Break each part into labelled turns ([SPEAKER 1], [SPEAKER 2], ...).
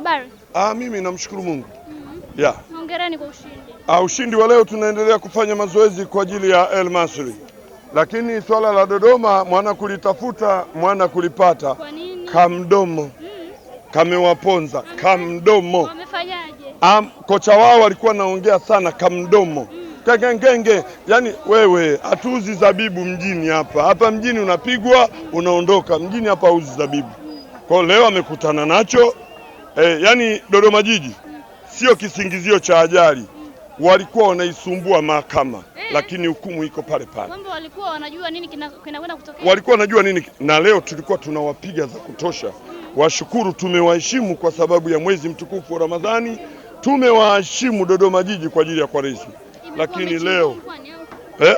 [SPEAKER 1] Habari? Ah, mimi namshukuru Mungu. mm -hmm. yeah. Hongereni kwa ushindi. Ah, ushindi wa leo tunaendelea kufanya mazoezi kwa ajili ya El masri lakini swala la Dodoma mwana kulitafuta mwana kulipata. Kwa nini? Kamdomo mm -hmm. kamewaponza kamdomo. Wamefanyaje? Ah, kocha wao alikuwa anaongea sana kamdomo mm -hmm. yani wewe hatuuzi zabibu mjini hapa. Hapa mjini unapigwa unaondoka, mjini hapa hauzi zabibu. Mm. Kwa leo amekutana nacho. E, yani Dodoma jiji sio kisingizio cha ajali. Walikuwa wanaisumbua mahakama e, lakini hukumu iko pale pale. Kwamba walikuwa wanajua nini kinakwenda kutokea. Walikuwa wanajua nini na leo tulikuwa tunawapiga za kutosha. Washukuru tumewaheshimu kwa sababu ya mwezi mtukufu wa Ramadhani, tumewaheshimu Dodoma jiji kwa ajili ya Kwaresima, lakini leo eh?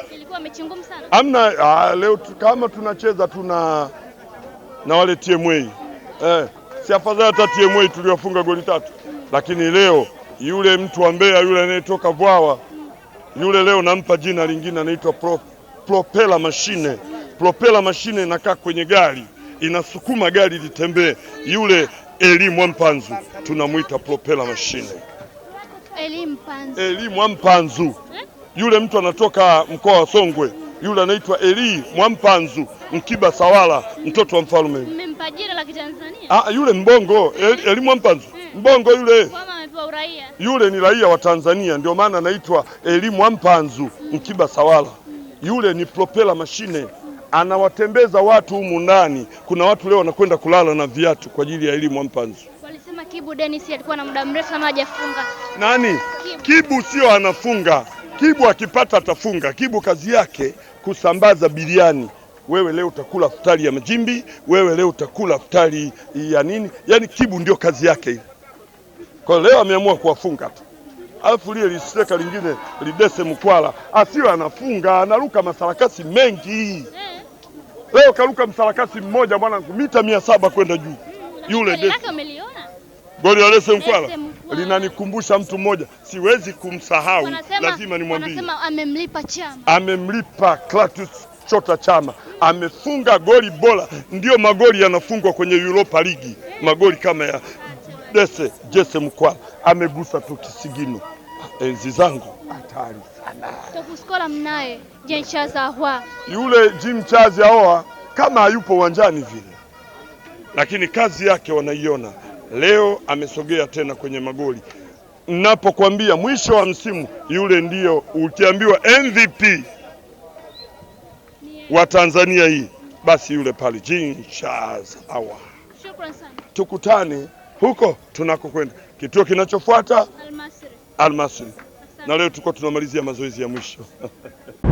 [SPEAKER 1] Sana. Amna, ah, leo kama tunacheza tuna na wale TMA eh si afadhali hata TMA tuliwafunga goli tatu, lakini leo yule mtu wa Mbeya yule anayetoka Vwawa yule leo nampa jina lingine, anaitwa pro, propela mashine. Propela mashine inakaa kwenye gari inasukuma gari litembee. Yule elimu mpanzu tunamwita propela mashine, elimu mpanzu. Yule mtu anatoka mkoa wa Songwe yule anaitwa Eli Mwampanzu Mkiba Sawala, mtoto wa mfalme.
[SPEAKER 2] Mmempa jina la Kitanzania?
[SPEAKER 1] Ah, yule mbongo Eli, Eli Mwampanzu hmm. mbongo yule yule ni raia wa Tanzania, ndio maana anaitwa elimu mwampanzu mkiba sawala. Hmm. Yule ni propela mashine, anawatembeza watu humu ndani. Kuna watu leo wanakwenda kulala na viatu kwa ajili ya elimu ampanzu.
[SPEAKER 2] Walisema Kibu Dennis alikuwa na muda mrefu sana hajafunga.
[SPEAKER 1] Nani? Kibu sio anafunga Kibu akipata atafunga. Kibu kazi yake kusambaza biriani. Wewe leo utakula futari ya majimbi, wewe leo utakula futari ya nini? Yaani Kibu ndio kazi yake hiyo. Kwa leo ameamua kuwafunga tu, alafu lile listeka lingine lidese mkwala asiyo anafunga, anaruka masarakasi mengi. Leo karuka msarakasi mmoja bwana mita mia saba kwenda juu, yule dese Goli la Lese Mkwala linanikumbusha mtu mmoja, siwezi kumsahau, lazima nimwambie.
[SPEAKER 2] Amemlipa Chama,
[SPEAKER 1] amemlipa Clatous Chota Chama, amefunga goli bora. Ndiyo magoli yanafungwa kwenye Europa League, magoli kama ya Dese Jesse Mkwala, amegusa tu kisigino. Enzi zangu hatari
[SPEAKER 2] sana. Tokuskola mnaye Jean Charles Ahoua,
[SPEAKER 1] yule jim Charles Ahoua kama hayupo uwanjani vile, lakini kazi yake wanaiona leo amesogea tena kwenye magoli. Napokuambia mwisho wa msimu yule ndiyo ukiambiwa MVP wa Tanzania hii, basi yule pale Jean-Charles Ahoua. tukutane huko tunakokwenda. Kituo kinachofuata Almasri, Almasri, na leo tuko tunamalizia mazoezi ya mwisho